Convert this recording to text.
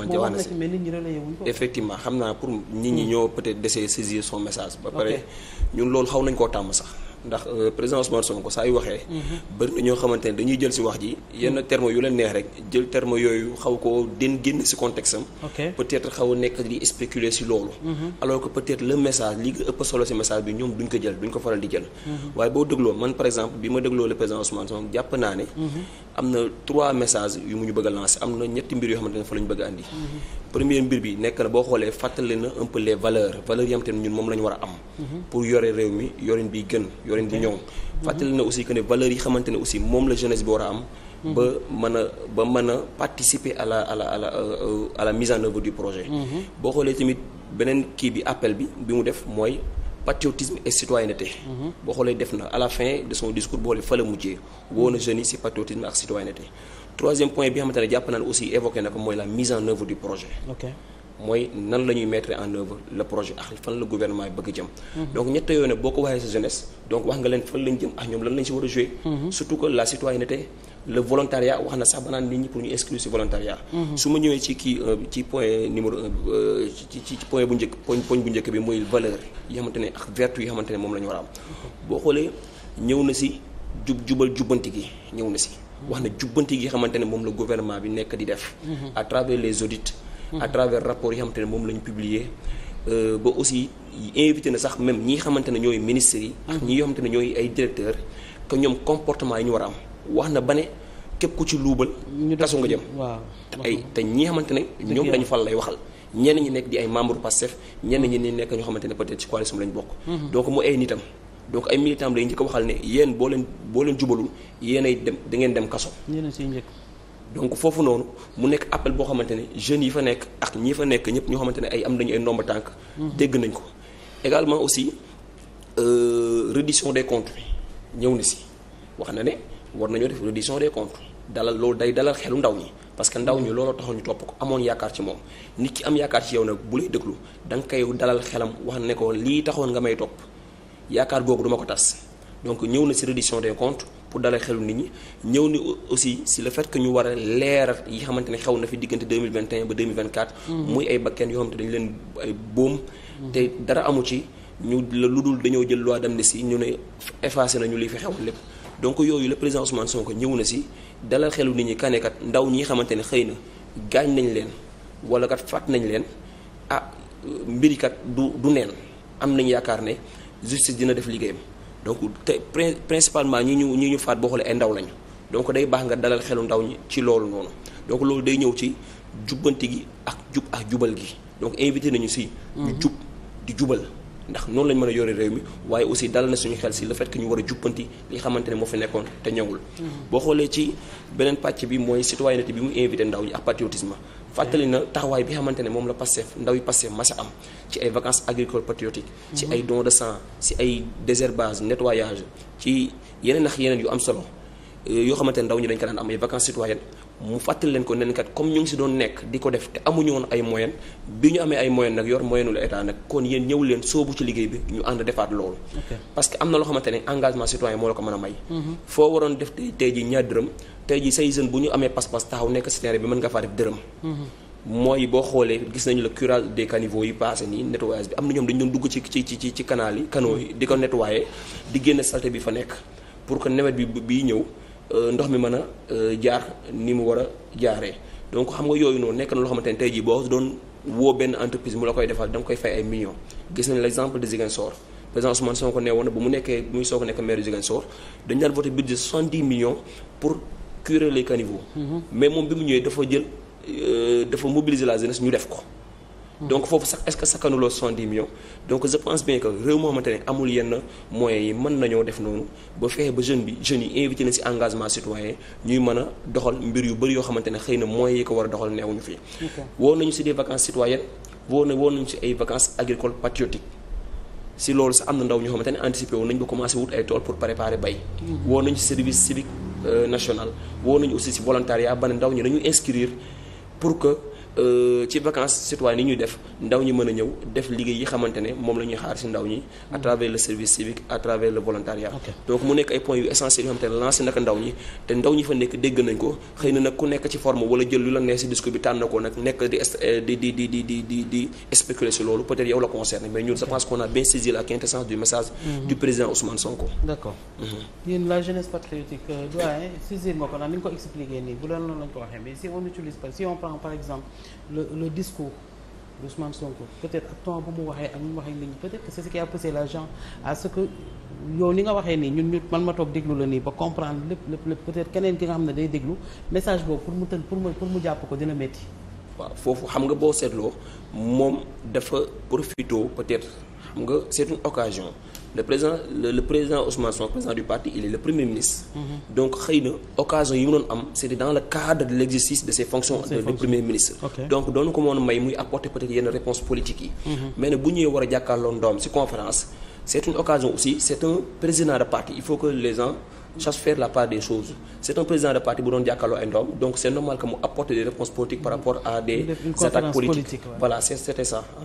man ca wax na si effectivement xam naa pour nit ñi hmm. ñoo peut-être dese saisir son message. ba pare ñun loolu xaw nañ koo tàmm sax. ndax euh, président Ousmane Sonko saa yu waxee. bëri na ñoo xamante dañuy jël si wax ji. yenn termes yu leen neex rek jël termes yooyu xaw ko den génn si contexte am. peut-être xaw nekk di spéculer si loolu. Mhm. alors que peut-être le message li nga ëpp solo si message bi ñoom duñ ko jël duñ ko faral di jël. Mhm. waaye boo dégloo man par exemple bi ma dégloo le président Ousmane Sonko jàpp naa ne. Mhm. am na trois messages yu mu ñu bëgg a lancer am na ñetti mbir yoo xamante ne fa la ñu bëgg la ñu war mi yorin yoreen bu ñëw fàttali na aussi que ne valeurs yi xamante ne aussi moom la jeunesse bi war a am mhm. ba mën a ba mën a participer à la à la euh, mise en œuvre du projet mhm. boo xoolee tamit beneen kii bi appel bi bi mu def mooy patriotisme et citoyenneté mhm. boo xoolee def na à la fin de son discours boo xoolee fa la mujjee woo na si patriotisme ak citoyenneté troisième point bi xamante ne jàpp naan aussi évoqué na mooy la mise en œuvre du projet mooy nan la ñuy mettre en œuvre le projet ak fan la gouvernement yi bëgg jëm. donc ñett yooyu nag boo ko waxee sa jeunesse donc wax nga leen fan lañ jëm ak ñoom lan lañ a jouer. Mhm. surtout na sax ba naan nit ñi pour ñu bi mooy valeur yi xamante la a mhm. boo xoolee ñëw na si jub jubal jubbanti gi ñëw na si. wax na jubbanti gi xamante moom la gouvernement bi nekk di def. Mhm. à travers les audits. à travers rapport yi xamante ne moom la ñu publier euh, ba aussi invité na sax même ñi xamante ne ñooy ministres yi ak ñi xamante ne ñooy ay directeurs que ñoom comportement yi ñu war a am wax na ba ne képp ku ci luubal tasu nga jëm te ay te ñi xamante ne ñoom lañu fal lay waxal ñenn ñi nekk di ay membre Pastef ñenn ñi nekk ñoo xamante ne peut ci coalition lañ bokk mhm. donc mu ay nitam donc ay militants lay njëkk a waxal ne yéen boo leen jubalul yéen ay dem da ngeen donc foofu noonu mu nekk appel boo xamante ne jeunes yi fa nekk ak ñi fa nekk ñëpp ñoo xamante ne ay am nañu ay ndomba tànk. dégg nañ ko également aussi euh, reddition des comptes ñëw na si wax na ne war nañoo def reddition des comptes dalal loolu day dalal xelu ndaw ñi parce que ndaw ñi looloo taxoon ñu topp ko amoon yaakaar ci moom nit ki am yaakaar ci yow nag bu lay déglu danga koy dalal xelam wax ne ko lii taxoon nga may topp yaakaar googu duma ko tas. donc ñëw na ci reddition des comptes pour dalal xelu nit ñi ñëw ni aussi ci le fait que ñu war a leeral yi xamante ne xew na fi diggante 2021 ba 2024 mm-hmm. muy ay bakkeen yoo xamante dañu leen ay boom mm-hmm. te dara amu ci ñu la lu dul dañoo jël loi d'amnistie ñu ne effacé nañu li fi xewoon lépp donc yooyu le président Ousmane Sonko ñëw na ci dalal xelu nit ñi kanekat ndaw ñi xamante ne xëy na gaañ nañ leen wala kat fàtt nañ leen ah mbirikat du du neen am nañ yaakaar ne justice dina def liggéeyam donc te principalement ñi ñu ñi ñu faat boo xoolee ay ndaw lañu donc day baax nga dalal xelu ndaw ñi ci loolu noonu donc loolu day ñëw ci jubbante gi ak jub ak jubal gi donc invité nañu si. ñu mhm. jub di jubal. ndax noonu lañ mën a yore réew mi waaye aussi dalal na suñu xel si le fait que ñu war a jubbanti li xamante ne moo fi nekkoon te ñëwul. boo xoolee ci beneen pàcc bi mooy citoyenneté bi mu invité ndaw ñi ak patriotisme. fàttali na taxawaay bi xamante ne moom la Pastef ndaw yi Pastef mas a am ci ay vacances agricoles patriotiques. ci ay dons de sang ci ay désherbage nettoyage ci yeneen ak yeneen yu am solo euh, yoo xamante ne ndaw ñi dañ ko daan am ay vacances mu fàttali leen ko ne kat comme ñu ngi si doon nekk di ko def te amuñu woon ay moyen bi ñu amee ay moyen nag yor moyenu la état nag kon yéen ñëw leen soobu ci liggéey bi ñu ànd defaat loolu. parce am na loo ne engagement citoyen moo la ko mën a may. Mm-hmm. foo waroon def tey tey jii ñaar dërëm tey jii say jeune bu ñu amee pas-pas taxaw nekk si terrain bi mën nga faa def dërëm. Mm-hmm. mooy boo xoolee gis nañu le curage des caniveaux yi passé nii nettoyage bi am na ñoom dañu Euh, ndox mi mën a euh, jaar ni mu war a jaaree donc xam nga yooyu noonu nekk na loo xamante ne tey jii boo doon woo benn entreprise mu la koy defal da koy fay ay millions gis nañ l' exemple de Ziguinchor président Ousmane Sonko nee woon na bu mu nekkee bu muy soog a nekk maire Ziguinchor dañu daan voté budget 70 millions pour curer les caniveaux. Mm-hmm. mais moom bi mu ñëwee dafa jël euh, dafa mobiliser la jeunesse ñu def ko. donc foofu sax est-ce que sakkanuloo soixante-dix millions donc je pense bien que réew moo xamante ne amul yenn moyens yi mën nañoo def noonu ba fexe ba jeune bi jeune yi invité na ci engagement citoyen ñuy mën a doxal mbir yu bëri yoo xamante ne xëy na moyens yi ko war a doxal neewuñu fii woo nañu ci des vacances citoyennes woo na woo nañu ci ay vacances agricoles patriotiques si loolu sa am na ndaw ñoo xamante ne anticipé woon nañu ba commencé wut ay tool pour préparer bay. Mm-hmm. woo nañu si service euh, national woo nañu aussi si volontariat ba ne ndaw ñi dañu inscrire pour que. Euh, ci vacances citoyennes yi ñuy def ndaw ñi mën a ñëw def liggéey yi xamante moom la ñuy ndaw ñi à hmm. travers service civique à travers volontariat donc mu nekk ay points yu essentiels yoo xamante ne naka ndaw ñi te ndaw ñi fa nekk dégg nañ ko xëy na nag ku nekk ci forme bi tànn ko nag nekk di euh, di loolu peut-être yow la concerné mais ñun je pense qu'on a bien saisi du message hmm. du président Ousmane Sonko le le discours d'Ousmane Sonko peut-être ak temps bu mu waxee ak mu waxee nit ñi peut-être que c'est ce qui a poussé les gens à ce que yow li nga waxee nii ñun ñu man ma toog déglu la nii ba comprendre lépp lépp lépp peut-être keneen ki nga xam ne day déglu message boobu pour mu tën pour mu pour mu jàpp ko dina métti. waaw foofu xam nga boo seetloo moom dafa profité peut-être xam nga c'est une occasion. le président le, le président du parti il est le premier ministre. Mhm. donc xëy na occasion yi mu doon am c' dans le cadre de l' de ses fonctions. de, de premier ministre. donc doon ko mën may muy apporter peut être yenn réponse politique yi. Mhm. mais bu ñëwee war a jàkkaarloo ndoom ci conférence. c' une occasion aussi c' un président de parti il faut que les gens. chasse faire la part des choses c' un président de parti bu doon jàkkaarloo